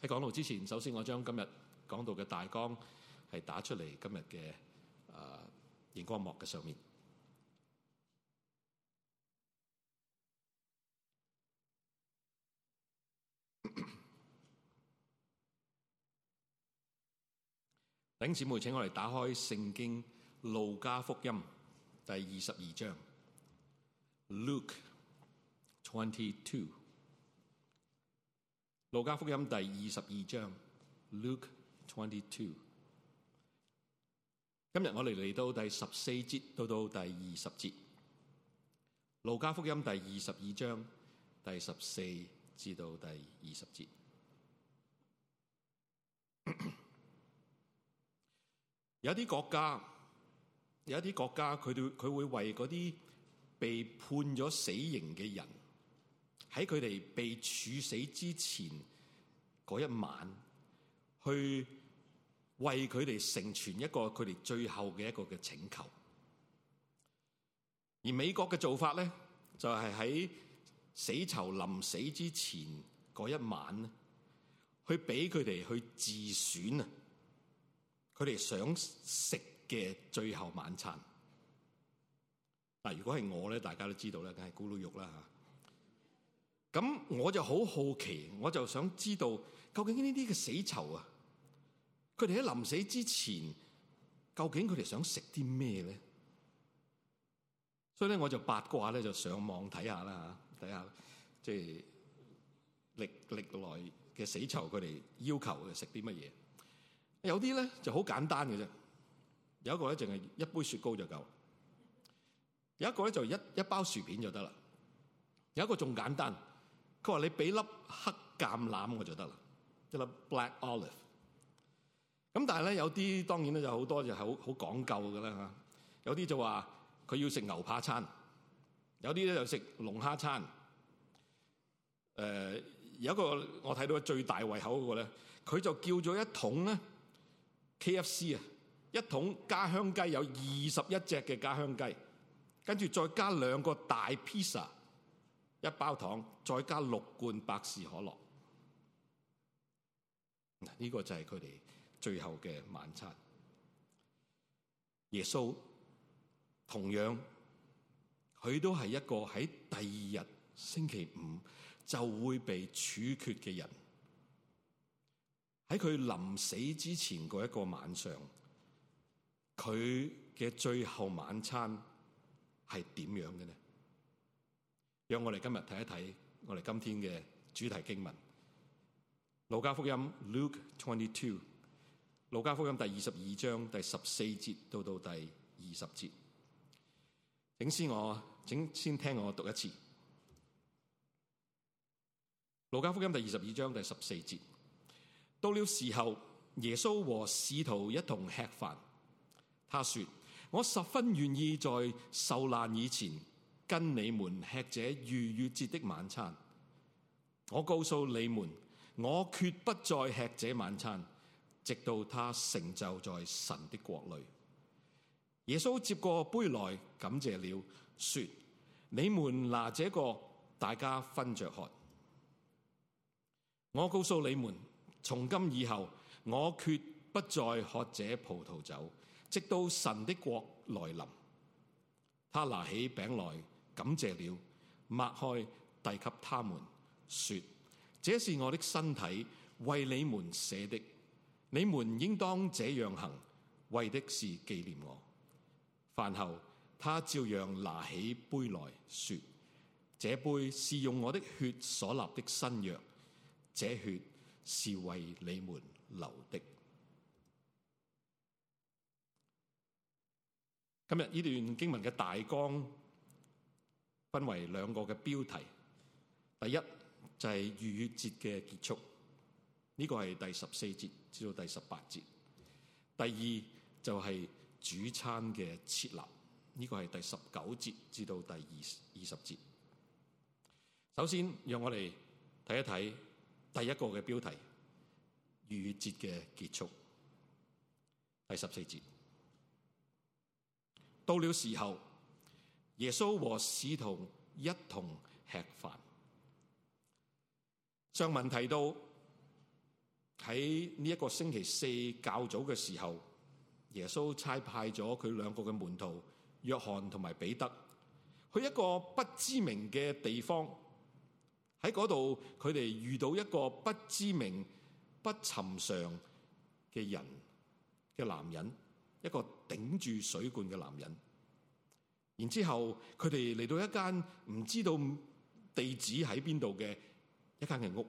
喺講道之前，首先我將今日講道嘅大綱係打出嚟，今日嘅誒熒光幕嘅上面。 弟兄姊妹，請我哋打開聖經路加福音第二十二章。Luke twenty two。路加福音第二十二章，Luke twenty two。今日我哋嚟到第十四節到到第二十節。路加福音第二十二章第十四至到第二十節。咳咳，有啲國家，有啲國家，佢哋佢會為嗰啲被判咗死刑嘅人，喺佢哋被處死之前嗰一晚，去為佢哋成全一個佢哋最後嘅一個嘅請求。而美國嘅做法咧，就係喺死囚臨死之前嗰一晚咧，去俾佢哋去自選啊，佢哋想食嘅最後晚餐。嗱，如果係我咧，大家都知道啦，梗係咕嚕肉啦嚇。咁我就好好奇，我就想知道究竟呢啲嘅死囚啊，佢哋喺臨死之前，究竟佢哋想食啲咩咧？所以咧，我就八卦咧，就上網睇下啦吓，睇下即係歷歷來嘅死囚，佢哋要求食啲乜嘢？有啲咧就好簡單嘅啫，有一個咧淨係一杯雪糕就夠，有一個咧就一一包薯片就得啦，有一個仲簡單。佢話：你俾粒黑橄欖我就得啦，一粒 black olive。咁但係咧，有啲當然咧，就好多就係好好講究㗎啦嚇。有啲就話佢要食牛扒餐，有啲咧就食龍蝦餐。誒、呃，有一個我睇到嘅最大胃口嗰、那個咧，佢就叫咗一桶咧 KFC 啊，一桶家鄉雞有二十一隻嘅家鄉雞，跟住再加兩個大 pizza。一包糖，再加六罐百事可樂，呢個就係佢哋最後嘅晚餐。耶穌同樣，佢都係一個喺第二日星期五就會被處決嘅人。喺佢臨死之前嗰一個晚上，佢嘅最後晚餐係點樣嘅呢？讓我哋今日睇一睇我哋今天嘅看看主題經文《路加福音》Luke twenty two，《路加福音》第二十二章第十四節到到第二十節，請先我，請先聽我讀一次《路加福音》第二十二章第十四節。到了時候，耶穌和使徒一同吃飯，他說：我十分願意在受難以前。跟你們吃這逾越節的晚餐，我告訴你們，我決不再吃這晚餐，直到他成就在神的國裏。耶穌接過杯來，感謝了，說：你們拿這個，大家分着喝。我告訴你們，從今以後，我決不再喝這葡萄酒，直到神的國來臨。他拿起餅來。感謝了，擘開遞給他們，說：這是我的身體，為你們捨的。你們應當這樣行，為的是紀念我。飯後，他照樣拿起杯來說：這杯是用我的血所立的新約，這血是為你們流的。今日呢段經文嘅大綱。分為兩個嘅標題，第一就係逾越節嘅結束，呢、這個係第十四節至到第十八節。第二就係、是、主餐嘅設立，呢、這個係第十九節至到第二二十節。首先讓我哋睇一睇第一個嘅標題，逾越節嘅結束，第十四節。到了時候。耶穌和使徒一同吃飯。上文提到喺呢一個星期四較早嘅時候，耶穌差派咗佢兩個嘅門徒約翰同埋彼得去一個不知名嘅地方。喺嗰度，佢哋遇到一個不知名、不尋常嘅人嘅男人，一個頂住水罐嘅男人。然之後，佢哋嚟到一間唔知道地址喺邊度嘅一間嘅屋。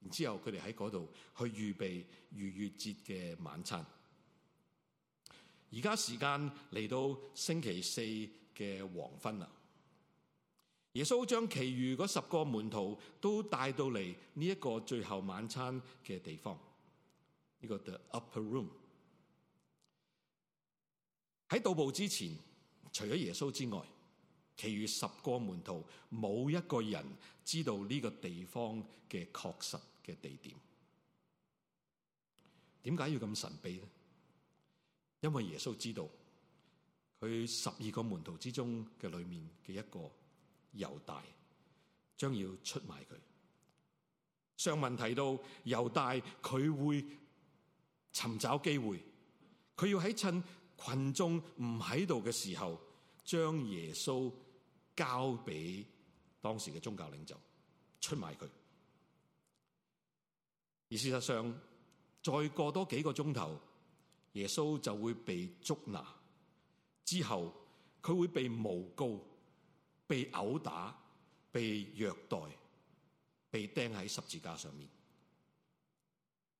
然之後，佢哋喺嗰度去預備逾越節嘅晚餐。而家時間嚟到星期四嘅黃昏啦。耶穌將其餘嗰十個門徒都帶到嚟呢一個最後晚餐嘅地方。呢個 The Upper Room 喺到步之前。除咗耶穌之外，其餘十個門徒冇一個人知道呢個地方嘅確實嘅地點。點解要咁神秘呢？因為耶穌知道佢十二個門徒之中嘅裏面嘅一個猶大將要出賣佢。上文提到猶大佢會尋找機會，佢要喺趁群眾唔喺度嘅時候，將耶穌交俾當時嘅宗教領袖出賣佢。而事實上，再過多幾個鐘頭，耶穌就會被捉拿。之後佢會被誣告、被毆打、被虐待、被釘喺十字架上面。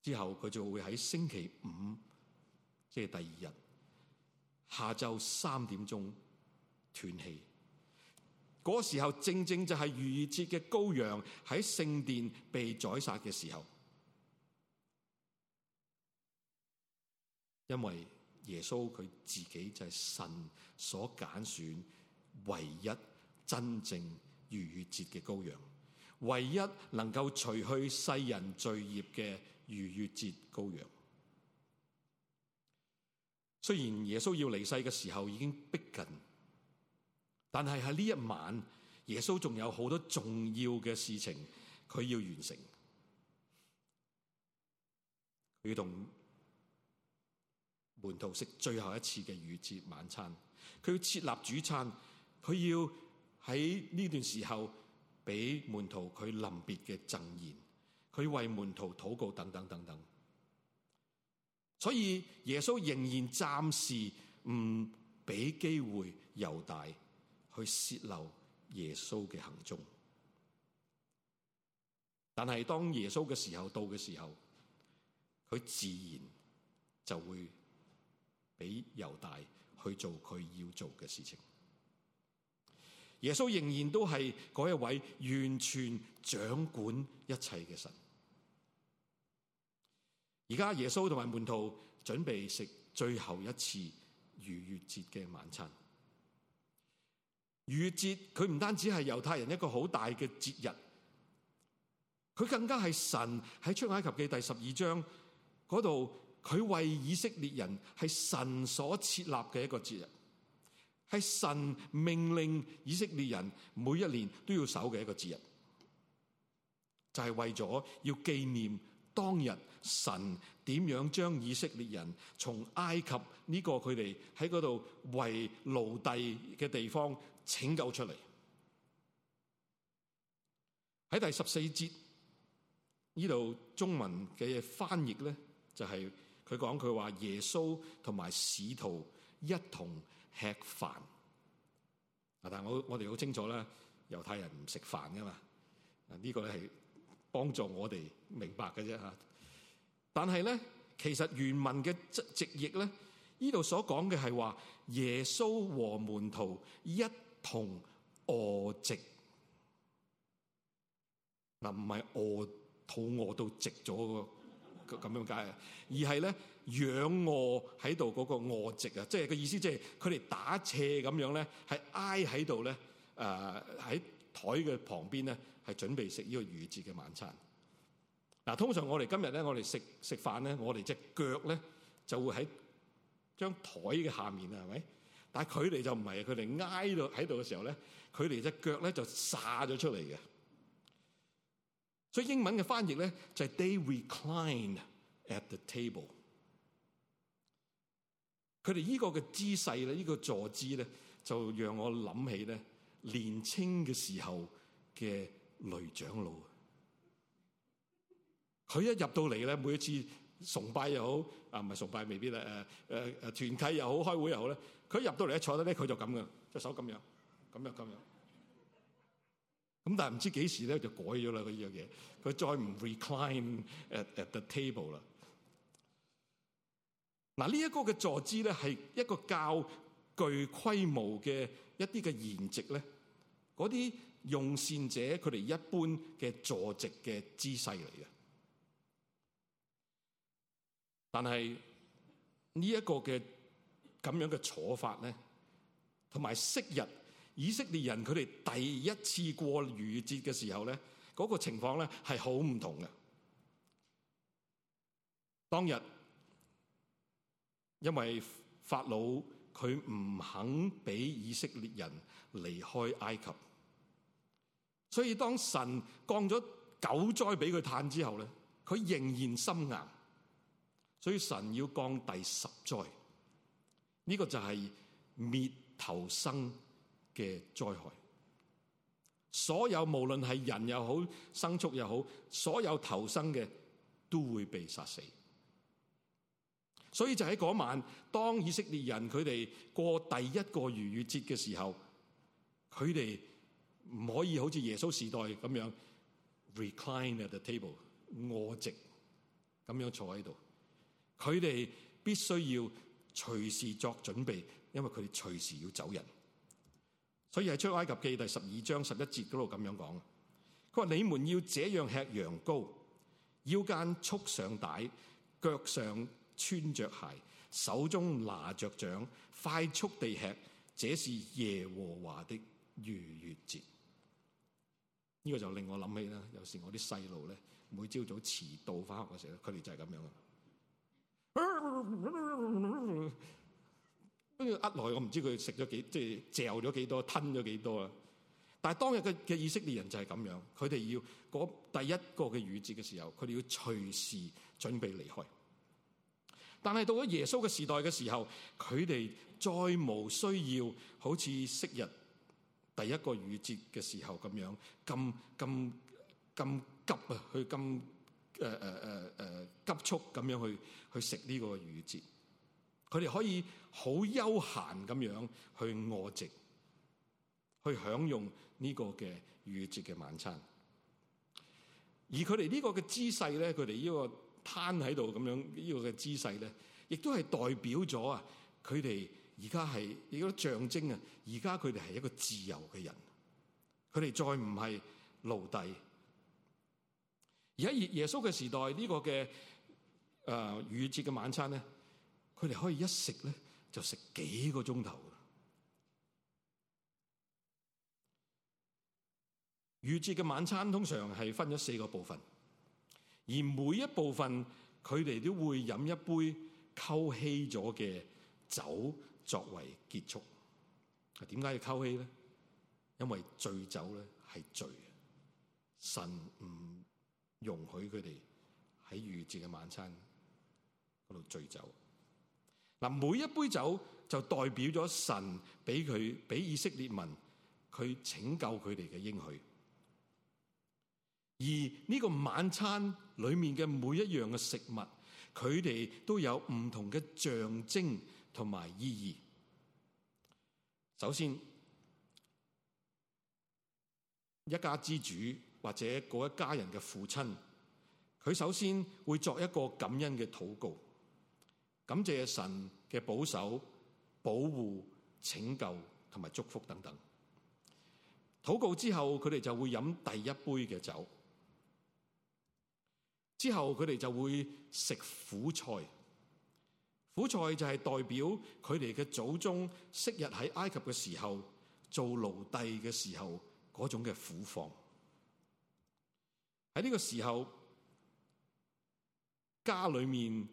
之後佢就會喺星期五，即係第二日下晝三點鐘，斷氣嗰時候，正正就係逾越節嘅羔羊喺聖殿被宰殺嘅時候，因為耶穌佢自己就係神所揀選唯一真正逾越節嘅羔羊，唯一能夠除去世人罪孽嘅逾越節羔羊。雖然耶穌要離世嘅時候已經逼近。但係喺呢一晚，耶穌仲有好多重要嘅事情佢要完成。佢要同門徒食最後一次嘅逾節晚餐。佢要設立主餐，佢要喺呢段時候俾門徒佢臨別嘅贈言，佢為門徒禱告，等等等等。所以耶穌仍然暫時唔俾機會猶大。去泄漏耶穌嘅行蹤，但係當耶穌嘅時候到嘅時候，佢自然就會俾猶大去做佢要做嘅事情。耶穌仍然都係嗰一位完全掌管一切嘅神。而家耶穌同埋門徒準備食最後一次逾越節嘅晚餐。逾節佢唔單止係猶太人一個好大嘅節日，佢更加係神喺出埃及記第十二章嗰度，佢為以色列人係神所設立嘅一個節日，係神命令以色列人每一年都要守嘅一個節日，就係、是、為咗要紀念當日神點樣將以色列人從埃及呢個佢哋喺嗰度為奴隸嘅地方。拯救出嚟，喺第十四節呢度，中文嘅翻譯咧，就係佢講，佢話耶穌同埋使徒一同吃飯。啊，但係我我哋好清楚啦，猶太人唔食飯㗎嘛。啊，呢個係幫助我哋明白嘅啫吓。但係咧，其實原文嘅直直譯咧，呢度所講嘅係話耶穌和門徒一。同臥席，嗱，唔係餓，肚餓到直咗個咁樣解，而係咧仰臥喺度嗰個臥席啊，即係個意思，即係佢哋打斜咁樣咧，係挨喺度咧，誒喺台嘅旁邊咧，係準備食呢個逾節嘅晚餐。嗱，通常我哋今日咧，我哋食食飯咧，我哋隻腳咧就會喺張台嘅下面啊，係咪？但係佢哋就唔係，佢哋挨到喺度嘅時候咧，佢哋隻腳咧就撒咗出嚟嘅。所以英文嘅翻譯咧就係 they recline at the table。佢哋呢個嘅姿勢咧，依、呢個坐姿咧，就讓我諗起咧年青嘅時候嘅雷長老。佢一入到嚟咧，每一次。崇拜又好啊，唔係崇拜未必啦。誒誒誒，團契又好，開會又好咧，佢入到嚟一坐低咧，佢就咁嘅，隻手咁樣，咁樣咁樣。咁但係唔知幾時咧就改咗啦，佢呢樣嘢。佢再唔 recline at at the table 啦。嗱、啊，呢、這、一個嘅坐姿咧係一個較具規模嘅一啲嘅筵席咧，嗰啲用膳者佢哋一般嘅坐席嘅姿勢嚟嘅。但係呢一個嘅咁樣嘅做法咧，同埋昔日以色列人佢哋第一次過逾越節嘅時候咧，嗰、那個情況咧係好唔同嘅。當日因為法老佢唔肯俾以色列人離開埃及，所以當神降咗九災俾佢嘆之後咧，佢仍然心硬。所以神要降第十災，呢、這個就係滅頭生嘅災害。所有無論係人又好，牲畜又好，所有頭生嘅都會被殺死。所以就喺嗰晚，當以色列人佢哋過第一個逾越節嘅時候，佢哋唔可以好似耶穌時代咁樣 recline at the table 臥直咁樣坐喺度。佢哋必須要隨時作準備，因為佢哋隨時要走人。所以喺出埃及記第十二章十一節嗰度咁樣講：佢話你們要這樣吃羊羔，腰間束上帶，腳上穿着鞋，手中拿着杖，快速地吃，這是耶和華的逾越節。呢個就令我諗起啦，有時我啲細路咧，每朝早遲到翻學嘅時候佢哋就係咁樣。跟住一來，我唔知佢食咗幾，即係嚼咗幾多，吞咗幾多啊！但係當日嘅嘅以色列人就係咁樣，佢哋要嗰第一個嘅雨節嘅時候，佢哋要隨時準備離開。但係到咗耶穌嘅時代嘅時候，佢哋再冇需要好似昔日第一個雨節嘅時候咁樣咁咁咁急啊，去咁。誒誒誒誒急速咁樣去去食呢個逾節，佢哋可以好悠閒咁樣去餓食，去享用呢個嘅逾節嘅晚餐。而佢哋呢個嘅姿勢咧，佢哋呢個攤喺度咁樣呢個嘅姿勢咧，亦都係代表咗啊！佢哋而家係亦都象徵啊！而家佢哋係一個自由嘅人，佢哋再唔係奴隸。而家耶耶穌嘅時代呢個嘅誒逾節嘅晚餐咧，佢哋可以一食咧就食幾個鐘頭。逾節嘅晚餐通常係分咗四個部分，而每一部分佢哋都會飲一杯溝稀咗嘅酒作為結束。啊，點解要溝稀咧？因為醉酒咧係罪，啊！神唔。容許佢哋喺逾節嘅晚餐度醉酒。嗱，每一杯酒就代表咗神俾佢俾以色列民去拯救佢哋嘅應許。而呢個晚餐裏面嘅每一樣嘅食物，佢哋都有唔同嘅象徵同埋意義。首先，一家之主。或者嗰一家人嘅父親，佢首先會作一個感恩嘅禱告，感謝神嘅保守、保護、拯救同埋祝福等等。禱告之後，佢哋就會飲第一杯嘅酒，之後佢哋就會食苦菜。苦菜就係代表佢哋嘅祖宗昔日喺埃及嘅時候做奴隸嘅時候嗰種嘅苦況。.喺呢個時候，家裏面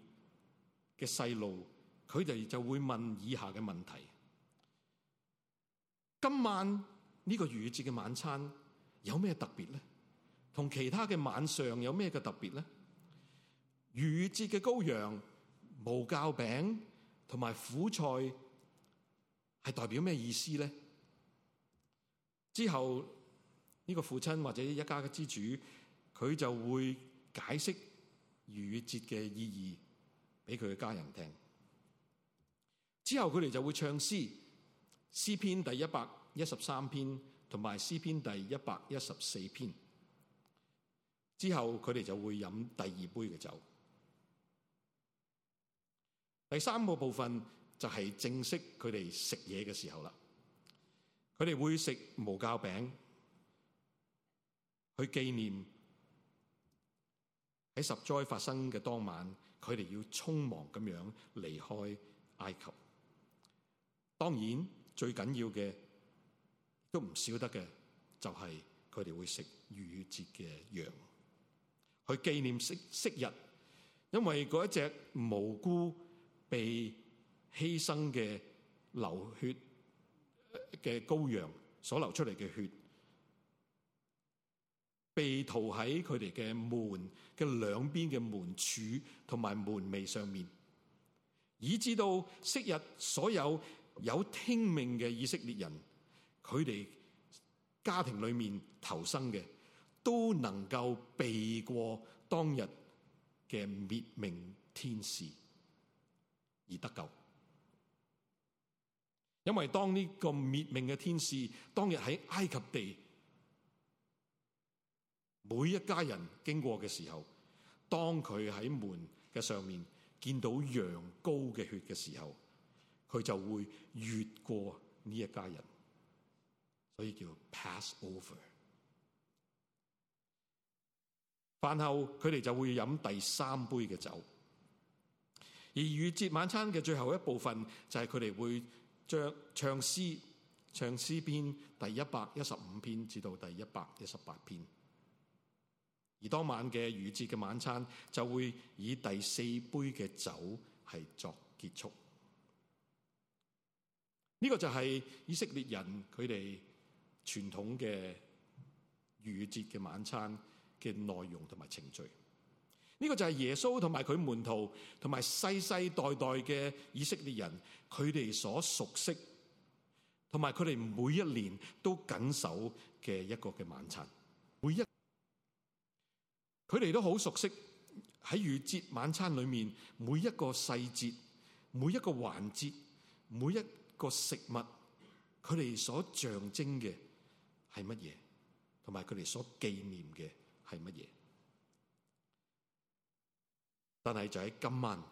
嘅細路，佢哋就會問以下嘅問題：今晚呢個逾節嘅晚餐有咩特別咧？同其他嘅晚上有咩嘅特別咧？逾節嘅羔羊、無酵餅同埋苦菜係代表咩意思咧？之後呢、呢個父親或者一家嘅之主。佢就會解釋逾越節嘅意義俾佢嘅家人聽。之後佢哋就會唱詩，詩篇第一百一十三篇同埋詩篇第一百一十四篇。之後佢哋就會飲第二杯嘅酒。第三個部分就係正式佢哋食嘢嘅時候啦。佢哋會食無酵餅，去紀念。喺十災發生嘅當晚，佢哋要匆忙咁樣離開埃及。當然最緊要嘅，都唔少得嘅，就係佢哋會食逾節嘅羊，去紀念昔昔日，因為一隻無辜被犧牲嘅流血嘅羔羊所流出嚟嘅血。被塗喺佢哋嘅門嘅兩邊嘅門柱同埋門楣上面，以至到昔日所有有聽命嘅以色列人，佢哋家庭裏面頭生嘅，都能夠避過當日嘅滅命天使而得救。因為當呢個滅命嘅天使當日喺埃及地。每一家人經過嘅時候，當佢喺門嘅上面見到羊羔嘅血嘅時候，佢就會越過呢一家人，所以叫 Passover。飯後佢哋就會飲第三杯嘅酒，而逾節晚餐嘅最後一部分就係佢哋會唱唱詩，唱詩篇第一百一十五篇至到第一百一十八篇。而當晚嘅逾節嘅晚餐就會以第四杯嘅酒係作結束。呢個就係以色列人佢哋傳統嘅逾節嘅晚餐嘅內容同埋程序。呢個就係耶穌同埋佢門徒同埋世世代代嘅以色列人佢哋所熟悉，同埋佢哋每一年都緊守嘅一個嘅晚餐。每一佢哋都好熟悉，喺逾節晚餐裏面，每一個細節、每一個環節、每一個食物，佢哋所象徵嘅係乜嘢，同埋佢哋所紀念嘅係乜嘢。但係就喺今晚，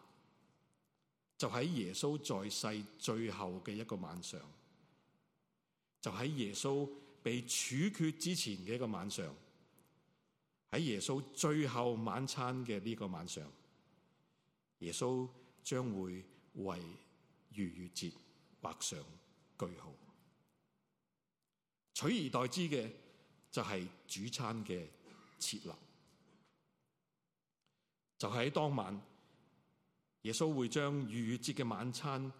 就喺耶穌在世最後嘅一個晚上，就喺耶穌被處決之前嘅一個晚上。喺耶穌最後晚餐嘅呢個晚上，耶穌將會為逾越節畫上句號。取而代之嘅就係主餐嘅設立。就喺、是、當晚，耶穌會將逾越節嘅晚餐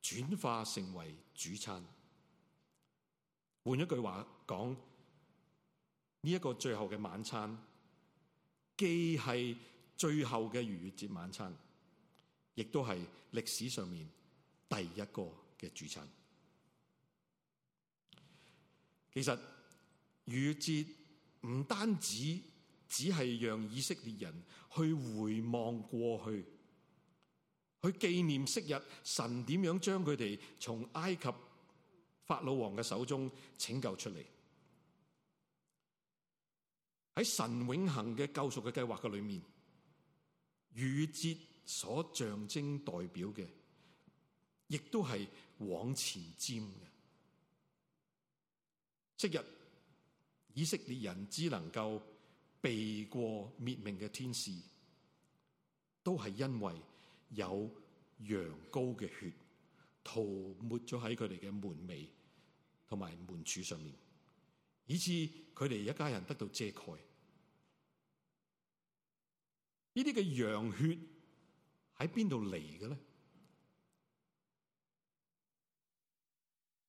轉化成為主餐。換一句話講。呢一個最後嘅晚餐，既係最後嘅逾越節晚餐，亦都係歷史上面第一個嘅主餐。其實逾越節唔單止只係讓以色列人去回望過去，去紀念昔日神點樣將佢哋從埃及法老王嘅手中拯救出嚟。喺神永恒嘅救贖嘅計劃嘅裏面，逾節所象徵代表嘅，亦都係往前瞻嘅。昔日以色列人只能夠避過滅命嘅天使，都係因為有羊羔嘅血塗抹咗喺佢哋嘅門楣同埋門柱上面，以至佢哋一家人得到遮蓋。呢啲嘅羊血喺邊度嚟嘅咧？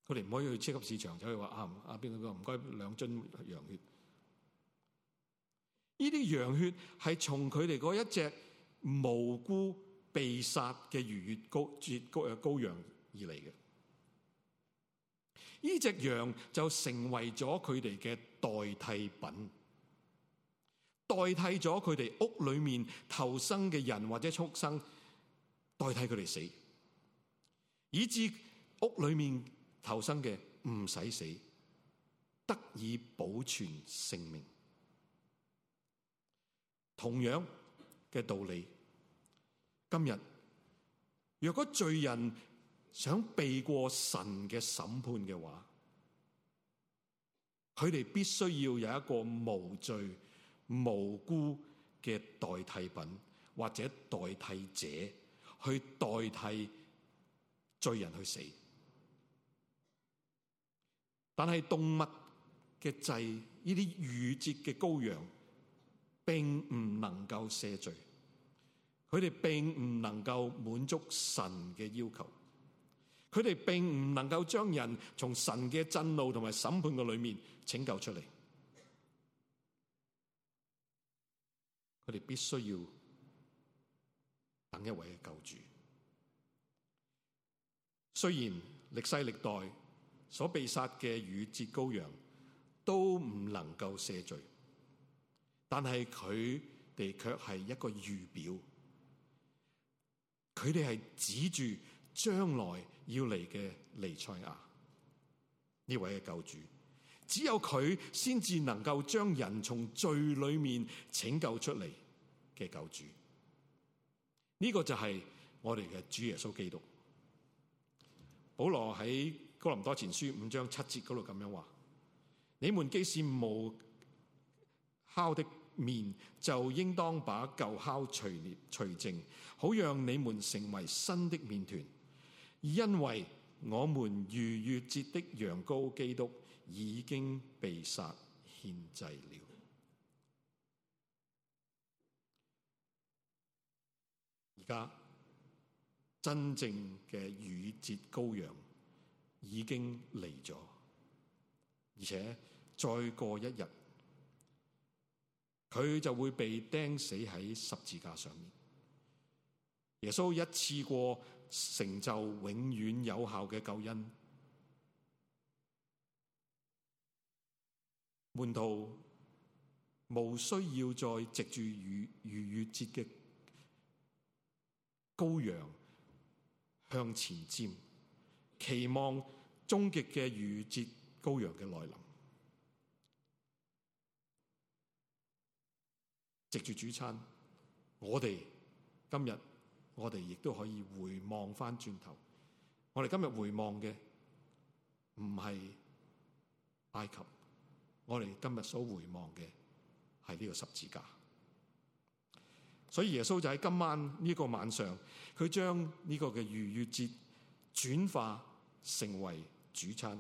佢哋唔可以去超級市場走去話，啊，啊邊個唔該兩樽羊血？呢啲羊血係從佢哋嗰一隻無辜被殺嘅逾越高絕高誒、呃、羔羊而嚟嘅。呢隻羊就成為咗佢哋嘅代替品。代替咗佢哋屋裏面頭生嘅人或者畜生，代替佢哋死，以致屋裏面頭生嘅唔使死，得以保存性命。同樣嘅道理，今日若果罪人想避過神嘅審判嘅話，佢哋必須要有一個無罪，無辜嘅代替品或者代替者去代替罪人去死，但係動物嘅祭，呢啲愚拙嘅羔羊，並唔能夠赦罪，佢哋並唔能夠滿足神嘅要求，佢哋並唔能夠將人從神嘅震怒同埋審判嘅裏面拯救出嚟。佢哋必須要等一位嘅救主。雖然歷世歷代所被殺嘅逾越節羔羊都唔能夠赦罪，但係佢哋卻係一個預表，佢哋係指住將來要嚟嘅彌賽亞，呢位嘅救主。只有佢先至能夠將人從罪裏面拯救出嚟嘅救主，呢、這個就係我哋嘅主耶穌基督。保羅喺哥林多前書五章七節嗰度咁樣話：你們既是無酵的麵，就應當把舊酵除除淨，好讓你們成為新的麵糰，因為我們逾越節的羊羔基督。已經被殺獻祭了。而家真正嘅逾越節羔羊已經嚟咗，而且再過一日，佢就會被釘死喺十字架上面。耶穌一次過成就永遠有效嘅救恩。門徒無需要再藉住逾逾越節嘅羔羊向前瞻，期望終極嘅逾節羔羊嘅來臨。藉住主餐，我哋今日我哋亦都可以回望返轉頭，我哋今日回望嘅唔係埃及。我哋今日所回望嘅係呢個十字架，所以耶穌就喺今晚呢個晚上，佢將呢個嘅逾越節轉化成為主餐，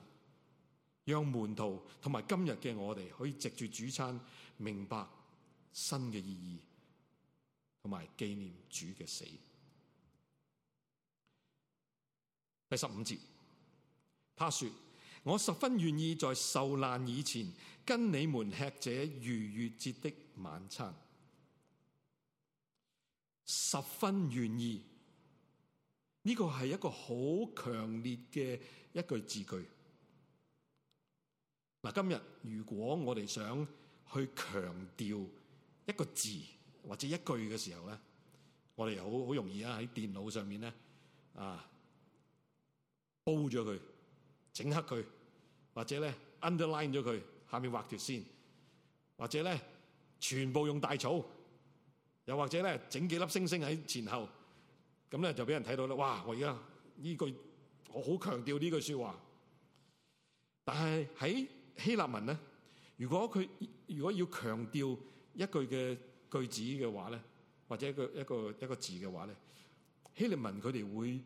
讓門徒同埋今日嘅我哋可以藉住主餐明白新嘅意義，同埋紀念主嘅死。第十五節，他說。我十分願意在受難以前，跟你們吃這逾越節的晚餐。十分願意，呢個係一個好強烈嘅一句字句。嗱，今日如果我哋想去強調一個字或者一句嘅時候咧，我哋又好好容易啊喺電腦上面咧啊，煲咗佢。整黑佢，或者咧 underline 咗佢，下面畫條線，或者咧全部用大草，又或者咧整幾粒星星喺前後，咁咧就俾人睇到啦。哇！我而家呢句我好強調呢句說話，但係喺希臘文咧，如果佢如果要強調一句嘅句子嘅話咧，或者一個一個一個字嘅話咧，希臘文佢哋會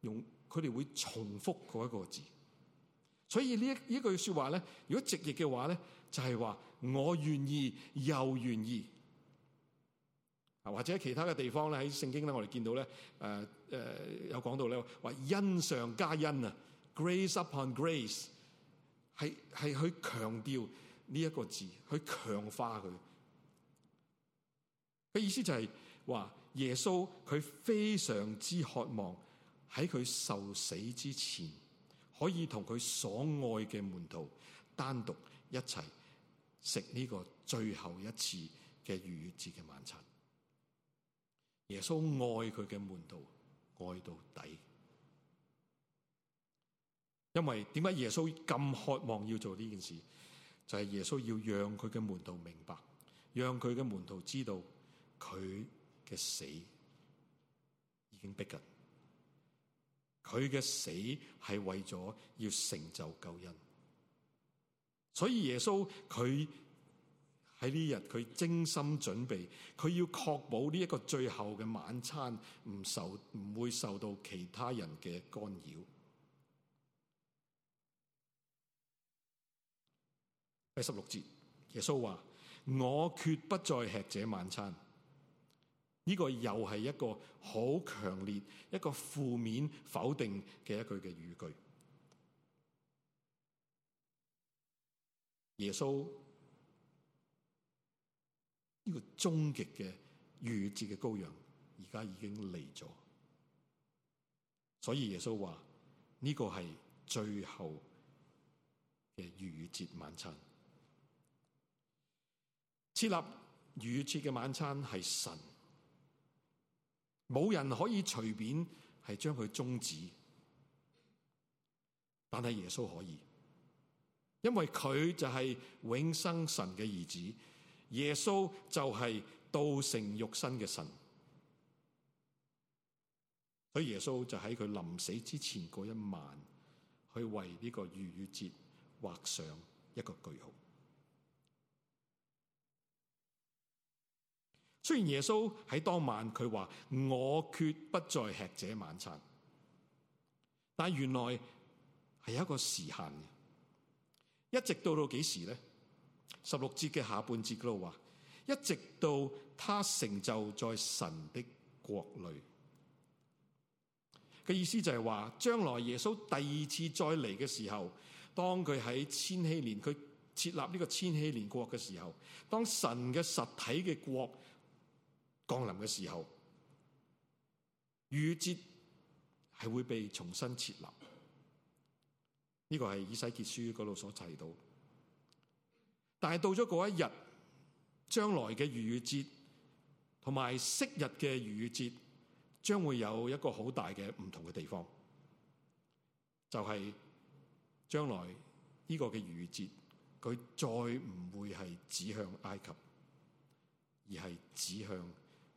用佢哋會重複嗰一個字。所以這這呢一呢句說話咧，如果直譯嘅話咧，就係話我願意又願意，啊或者其他嘅地方咧喺聖經咧我哋見到咧誒誒有講到咧話恩上加恩啊，grace upon grace，係係去強調呢一個字，去強化佢嘅意思就係話耶穌佢非常之渴望喺佢受死之前。可以同佢所愛嘅門徒單獨一齊食呢個最後一次嘅逾越節嘅晚餐。耶穌愛佢嘅門徒，愛到底。因為點解耶穌咁渴望要做呢件事？就係、是、耶穌要讓佢嘅門徒明白，讓佢嘅門徒知道佢嘅死已經逼近。佢嘅死係為咗要成就救恩，所以耶穌佢喺呢日佢精心準備，佢要確保呢一個最後嘅晚餐唔受唔會受到其他人嘅干擾。第十六節，耶穌話：我決不再吃這晚餐。呢個又係一個好強烈、一個負面否定嘅一句嘅語句。耶穌呢個終極嘅逾越節嘅羔羊，而家已經嚟咗，所以耶穌話呢個係最後嘅逾越節晚餐。設立逾越節嘅晚餐係神。冇人可以隨便係將佢終止，但係耶穌可以，因為佢就係永生神嘅兒子，耶穌就係道成肉身嘅神，所以耶穌就喺佢臨死之前嗰一晚，去為呢個逾越節畫上一個句號。雖然耶穌喺當晚佢話我決不再吃這晚餐，但原來係有一個時限嘅。一直到到幾時咧？十六節嘅下半節嗰度話，一直到他成就在神的國裏嘅意思就係話，將來耶穌第二次再嚟嘅時候，當佢喺千禧年，佢設立呢個千禧年國嘅時候，當神嘅實體嘅國。降臨嘅時候，逾越節係會被重新設立，呢個係以西結書嗰度所提到，但係到咗嗰一日，將來嘅逾越節同埋昔日嘅逾越節，將會有一個好大嘅唔同嘅地方，就係、是、將來呢個嘅逾越節，佢再唔會係指向埃及，而係指向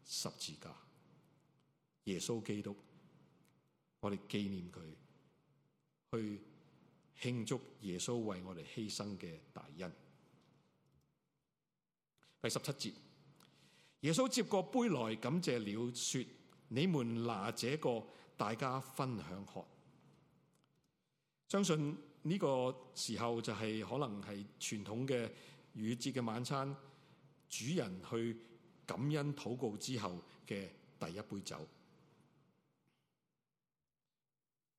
十字架，耶穌基督，我哋紀念佢，去慶祝耶穌為我哋犧牲嘅大恩。第十七節，耶穌接過杯來，感謝了，說：你們拿這個大家分享喝。相信呢個時候就係、是、可能係傳統嘅逾節嘅晚餐，主人去。感恩禱告之後嘅第一杯酒，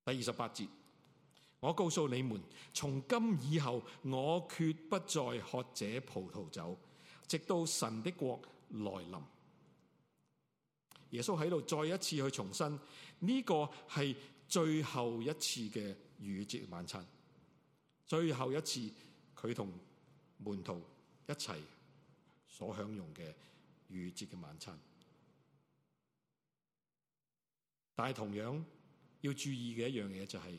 第二十八節，我告訴你們，從今以後，我決不再喝這葡萄酒，直到神的國來臨。耶穌喺度再一次去重申呢、這個係最後一次嘅逾節晚餐，最後一次佢同門徒一齊所享用嘅。逾節嘅晚餐，但係同樣要注意嘅一樣嘢就係、是、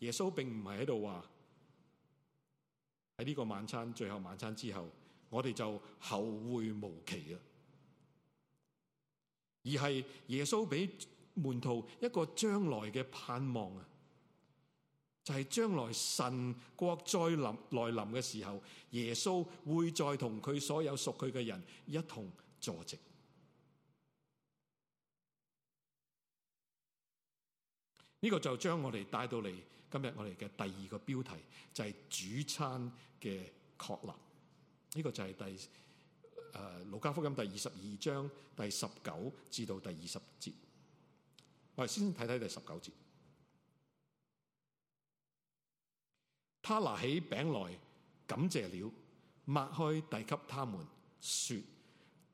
耶穌並唔係喺度話喺呢個晚餐最後晚餐之後，我哋就後會無期啊！而係耶穌俾門徒一個將來嘅盼望啊，就係、是、將來神國再臨來臨嘅時候，耶穌會再同佢所有屬佢嘅人一同坐席，呢、這個就將我哋帶到嚟今日我哋嘅第二個標題，就係、是、主餐嘅確立。呢、這個就係第誒路加福音第二十二章第十九至到第二十節。我哋先睇睇第十九節。他拿起餅來，感謝了，擘開遞給他們，說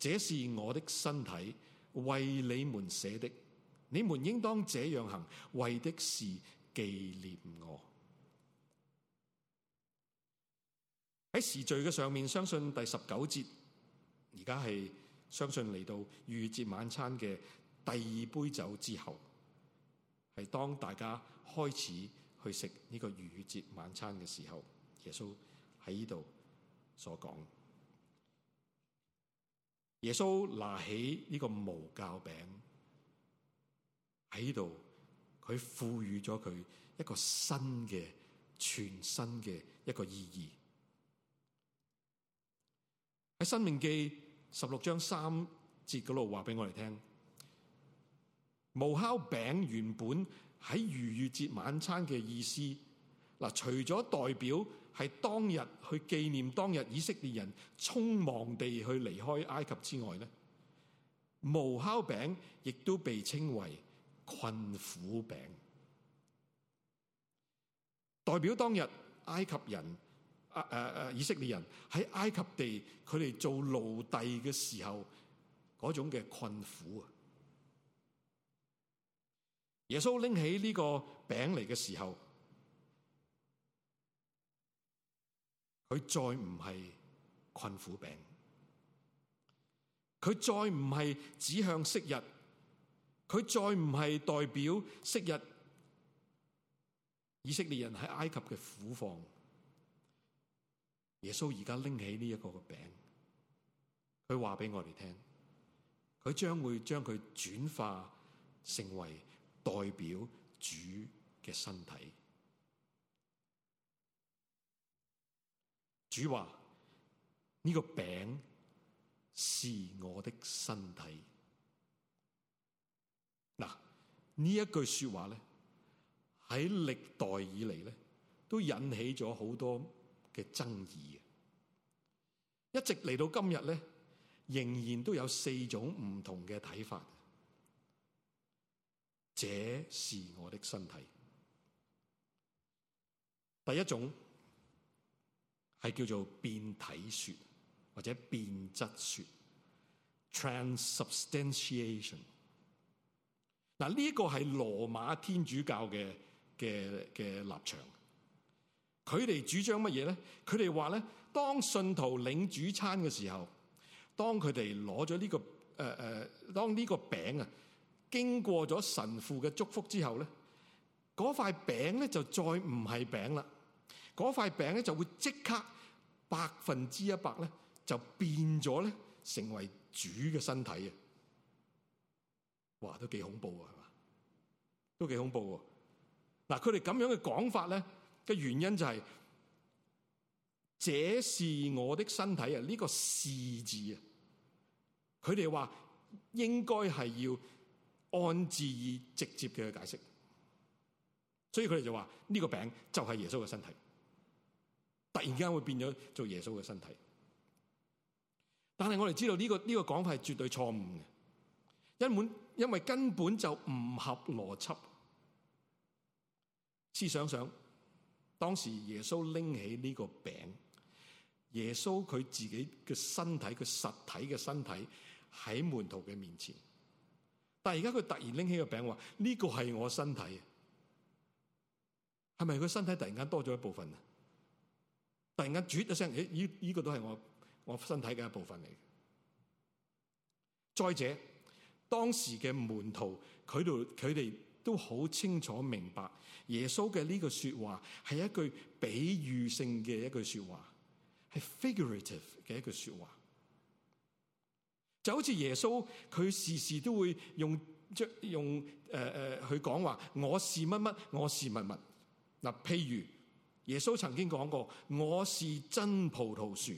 這是我的身體，為你們捨的，你們應當這樣行，為的是紀念我。喺時序嘅上面，相信第十九節，而家係相信嚟到逾越節晚餐嘅第二杯酒之後，係當大家開始去食呢個逾越節晚餐嘅時候，耶穌喺呢度所講。耶穌拿起呢個無酵餅喺度，佢賦予咗佢一個新嘅全新嘅一個意義。喺《申命記》十六章三節嗰度話俾我哋聽，無酵餅原本喺逾越節晚餐嘅意思，除咗代表。係當日去紀念當日以色列人匆忙地去離開埃及之外咧，無酵餅亦都被稱為困苦餅，代表當日埃及人啊誒誒、啊啊、以色列人喺埃及地佢哋做奴隸嘅時候嗰種嘅困苦啊！耶穌拎起呢個餅嚟嘅時候。佢再唔係困苦餅，佢再唔係指向昔日，佢再唔係代表昔日以色列人喺埃及嘅苦況。耶穌而家拎起呢一個嘅餅，佢話俾我哋聽，佢將會將佢轉化成為代表主嘅身體。主話呢個餅是我的身體。嗱，呢一句說話咧，喺歷代以嚟咧，都引起咗好多嘅爭議嘅。一直嚟到今日咧，仍然都有四種唔同嘅睇法。這是我的身體。第一種。係叫做變體説或者變質説 （Transubstantiation）。嗱，呢個係羅馬天主教嘅嘅嘅立場。佢哋主張乜嘢咧？佢哋話咧，當信徒領主餐嘅時候，當佢哋攞咗呢個誒誒、呃，當呢個餅啊，經過咗神父嘅祝福之後咧，嗰塊餅咧就再唔係餅啦。嗰塊餅咧就會即刻百分之一百咧就變咗咧成為主嘅身體啊，哇！都幾恐怖啊，係嘛？都幾恐怖喎。嗱，佢哋咁樣嘅講法咧嘅原因就係、是、這是我的身體啊！呢、這個是字啊，佢哋話應該係要按字意直接嘅去解釋，所以佢哋就話呢個餅就係耶穌嘅身體。突然間會變咗做耶穌嘅身體，但係我哋知道呢個呢個講法係絕對錯誤嘅，因本因為根本就唔合邏輯。試想想，當時耶穌拎起呢個餅，耶穌佢自己嘅身體佢實體嘅身體喺門徒嘅面前，但係而家佢突然拎起個餅話：呢個係我身體，係咪佢身體突然間多咗一部分啊？突然間絕一聲，呢、哎、依、這個都係我我身體嘅一部分嚟。再者，當時嘅門徒佢哋佢哋都好清楚明白耶穌嘅呢個說話係一句比喻性嘅一句說話，係 figurative 嘅一句說話。就好似耶穌佢時時都會用用誒誒、呃呃，去講話，我是乜乜，我是乜物」呃，嗱，譬如。耶穌曾經講過：我是真葡萄樹。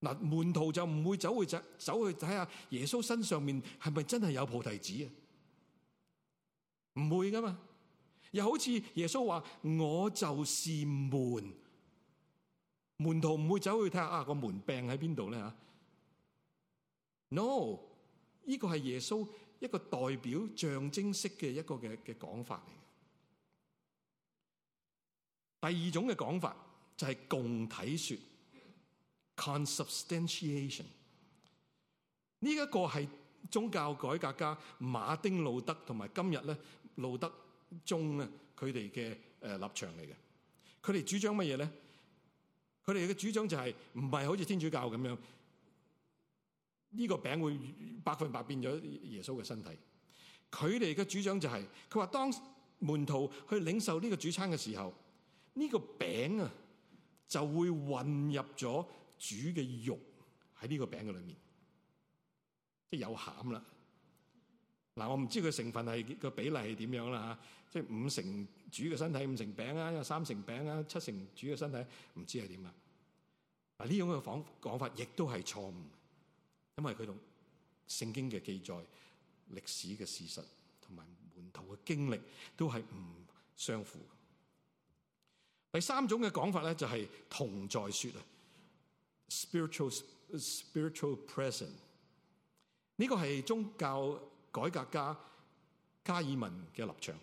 嗱，門徒就唔會走去走走去睇下耶穌身上面係咪真係有菩提子啊？唔會噶嘛。又好似耶穌話：我就是門。門徒唔會走去睇下啊個門病喺邊度咧吓。No，呢個係耶穌一個代表象徵式嘅一個嘅嘅講法嚟第二種嘅講法就係共體説 （Consubstantiation）。呢一個係宗教改革家馬丁路德同埋今日咧路德宗啊佢哋嘅誒立場嚟嘅。佢哋主張乜嘢咧？佢哋嘅主張就係唔係好似天主教咁樣，呢個餅會百分百變咗耶穌嘅身體。佢哋嘅主張就係佢話，當門徒去領受呢個主餐嘅時候，呢、這個餅啊，就會混入咗主嘅肉喺呢個餅嘅裏面，即係有餡啦。嗱，我唔知佢成分係個比例係點樣啦嚇，即係五成主嘅身體，五成餅啊，有三成餅啊，七成主嘅身體，唔知係點啊。嗱，呢種嘅講講法亦都係錯誤，因為佢同聖經嘅記載、歷史嘅事實同埋門徒嘅經歷都係唔相符。第三種嘅講法咧，就係同在説啊，spiritual spiritual present 呢個係宗教改革家加爾文嘅立場。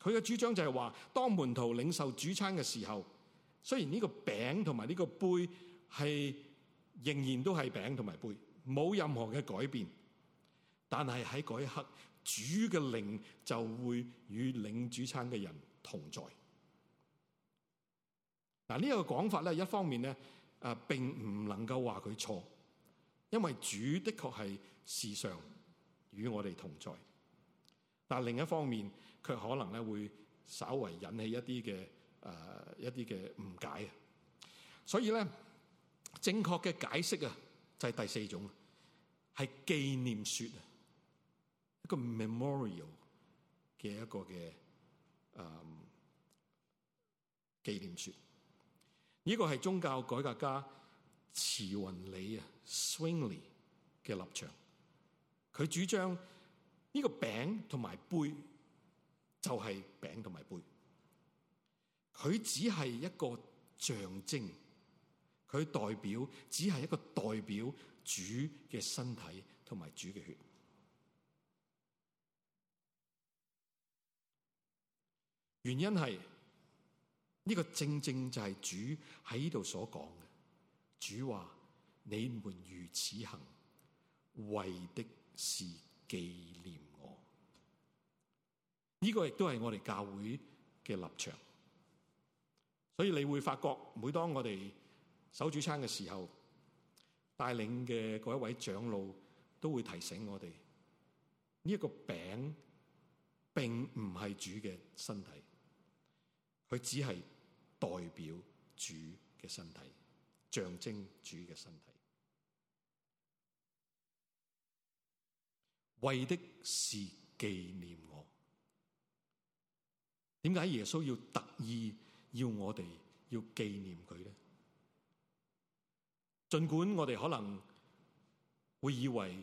佢嘅主張就係話，當門徒領受主餐嘅時候，雖然呢個餅同埋呢個杯係仍然都係餅同埋杯，冇任何嘅改變，但係喺嗰一刻，主嘅靈就會與領主餐嘅人同在。嗱、這、呢個講法咧，一方面咧，誒並唔能夠話佢錯，因為主的確係時常與我哋同在。但另一方面，卻可能咧會稍微引起一啲嘅誒一啲嘅誤解啊。所以咧，正確嘅解釋啊，就係第四種，係紀念說啊，一個 memorial 嘅一個嘅誒、呃、紀念說。呢、這個係宗教改革家慈雲理啊 Zwingli 嘅立場，佢主張呢個餅同埋杯就係餅同埋杯，佢只係一個象徵，佢代表只係一個代表主嘅身體同埋主嘅血。原因係。呢、這個正正就係主喺度所講嘅。主話：你們如此行，為的是紀念我。呢、這個亦都係我哋教會嘅立場。所以你會發覺，每當我哋守主餐嘅時候，帶領嘅各位長老都會提醒我哋：呢、這、一個餅並唔係主嘅身體，佢只係。代表主嘅身體，象徵主嘅身體，為的是紀念我。點解耶穌要特意要我哋要紀念佢呢？盡管我哋可能會以為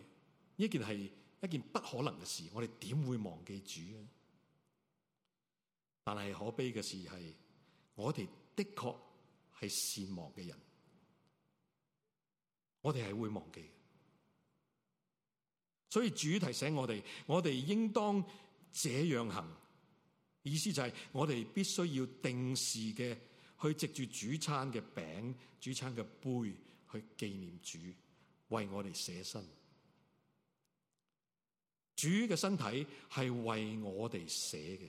呢件係一件不可能嘅事，我哋點會忘記主呢？但係可悲嘅事係。我哋的確係善忘嘅人，我哋係會忘記嘅。所以主提醒我哋，我哋應當這樣行。意思就係我哋必須要定時嘅去藉住主餐嘅餅、主餐嘅杯去紀念主，為我哋捨身。主嘅身體係為我哋捨嘅。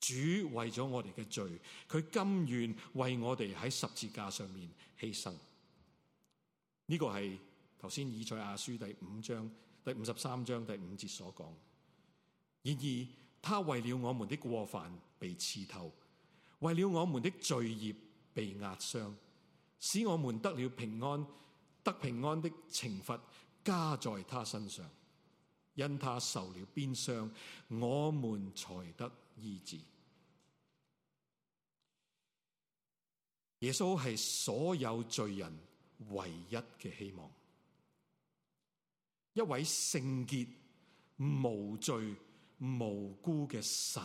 主為咗我哋嘅罪，佢甘願為我哋喺十字架上面犧牲。呢個係頭先以賽亞書第五章第五十三章第五節所講。然而，他為了我們的過犯被刺透，為了我們的罪孽被壓傷，使我們得了平安。得平安的懲罰加在他身上，因他受了鞭傷，我們才得。意志耶穌係所有罪人唯一嘅希望，一位聖潔、無罪、無辜嘅神，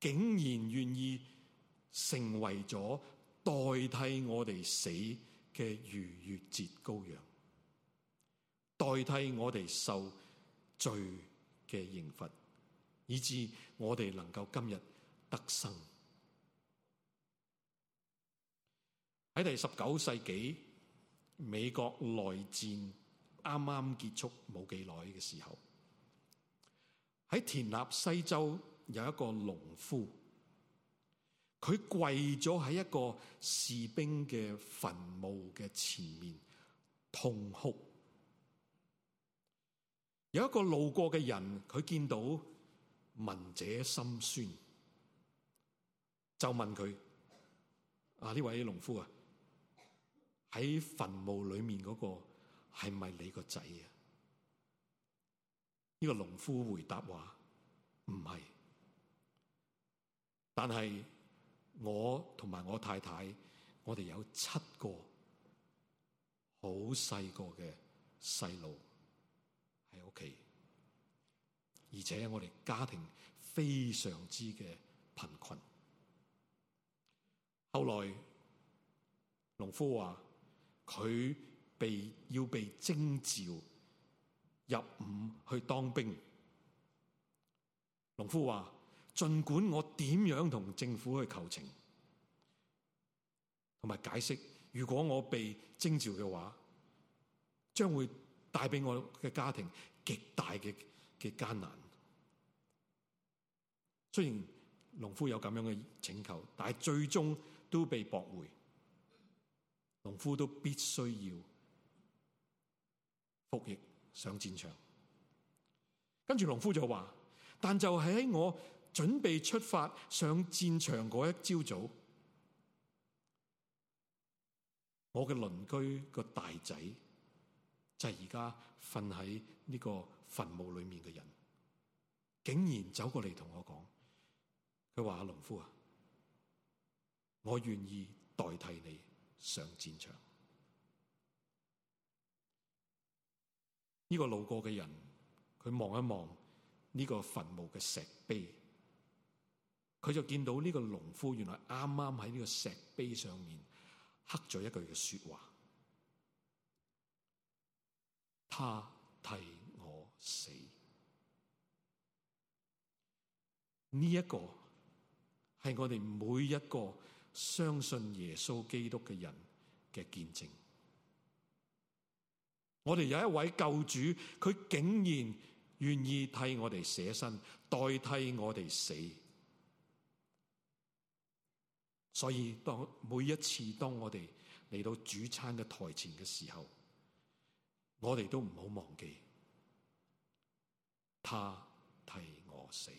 竟然願意成為咗代替我哋死嘅逾越節羔羊，代替我哋受罪嘅刑罰。以致我哋能夠今日得生。喺第十九世紀，美國內戰啱啱結束冇幾耐嘅時候，喺田納西州有一個農夫，佢跪咗喺一個士兵嘅墳墓嘅前面痛哭。有一個路過嘅人，佢見到。聞者心酸，就問佢：啊，呢位農夫啊，喺墳墓裏面嗰個係咪你個仔啊？呢、呢個農夫回答話：唔係，但係我同埋我太太，我哋有七個好細個嘅細路喺屋企。而且我哋家庭非常之嘅貧困。後來農夫話，佢被要被徵召入伍去當兵。農夫話：儘管我點樣同政府去求情，同埋解釋，如果我被徵召嘅話，將會帶俾我嘅家庭極大嘅嘅艱難，雖然農夫有咁樣嘅請求，但係最終都被駁回。農夫都必須要服役上戰場。跟住農夫就話：但就係喺我準備出發上戰場嗰一朝早，我嘅鄰居個大仔就係而家瞓喺呢個。墳墓裏面嘅人竟然走過嚟同我講，佢話阿農夫啊，我願意代替你上戰場。呢個路過嘅人，佢望一望呢個墳墓嘅石碑，佢就見到呢個農夫原來啱啱喺呢個石碑上面刻咗一句嘅說話，他替。死呢一，這個係我哋每一個相信耶穌基督嘅人嘅見證。我哋有一位救主，佢竟然願意替我哋捨身，代替我哋死。所以當每一次當我哋嚟到主餐嘅台前嘅時候，我哋都唔好忘記。他替我死，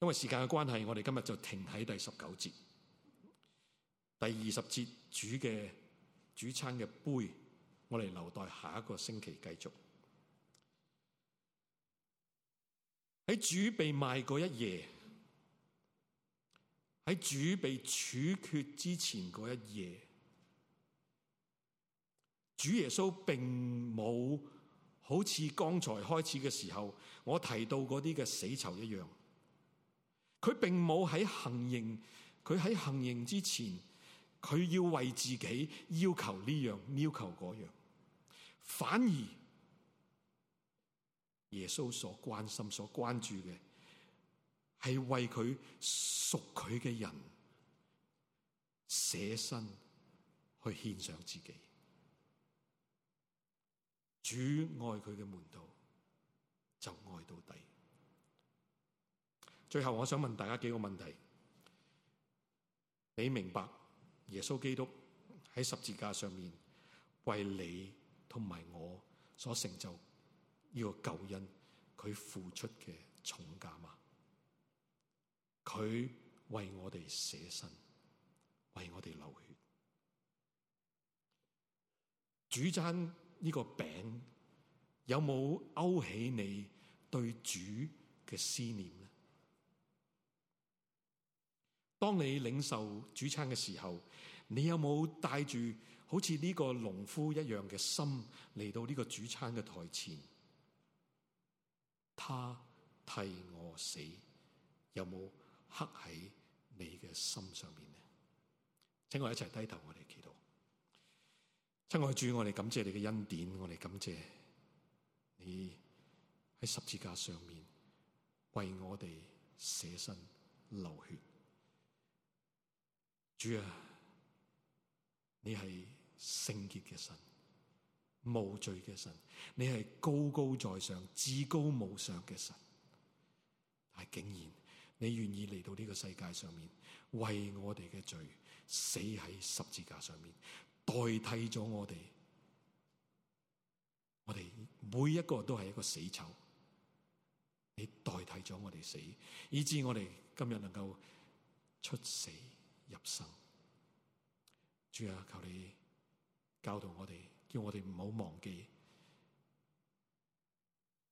因為時間嘅關係，我哋今日就停喺第十九節、第二十節主嘅主餐嘅杯，我哋留待下一個星期繼續。喺主被賣嗰一夜，喺主被處決之前嗰一夜，主耶穌並冇。好似剛才開始嘅時候，我提到嗰啲嘅死囚一樣，佢並冇喺行刑，佢喺行刑之前，佢要為自己要求呢樣要求嗰樣，反而耶穌所關心、所關注嘅係為佢屬佢嘅人捨身去獻上自己。主愛佢嘅門徒就愛到底。最後我想問大家幾個問題：你明白耶穌基督喺十字架上面為你同埋我所成就呢個救恩，佢付出嘅重價嗎？佢為我哋捨身，為我哋流血。主真。呢個餅有冇勾起你對主嘅思念咧？當你領受主餐嘅時候，你有冇帶住好似呢個農夫一樣嘅心嚟到呢個主餐嘅台前？他替我死，有冇刻喺你嘅心上面咧？請我一齊低頭，我哋祈禱。親愛主，我哋感謝你嘅恩典，我哋感謝你喺十字架上面為我哋捨身流血。主啊，你係聖潔嘅神，無罪嘅神，你係高高在上，至高無上嘅神，但係竟然你願意嚟到呢個世界上面為我哋嘅罪死喺十字架上面。代替咗我哋，我哋每一個都係一個死囚。你代替咗我哋死，以致我哋今日能夠出死入生。主啊，求你教導我哋，叫我哋唔好忘記，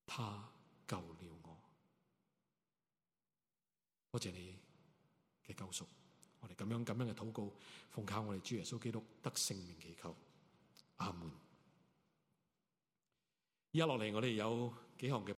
他救了我。多謝，謝你嘅救贖。我哋咁樣咁樣嘅禱告，奉靠我哋主耶穌基督得聖名祈求，阿門。依家落嚟，我哋有幾項嘅。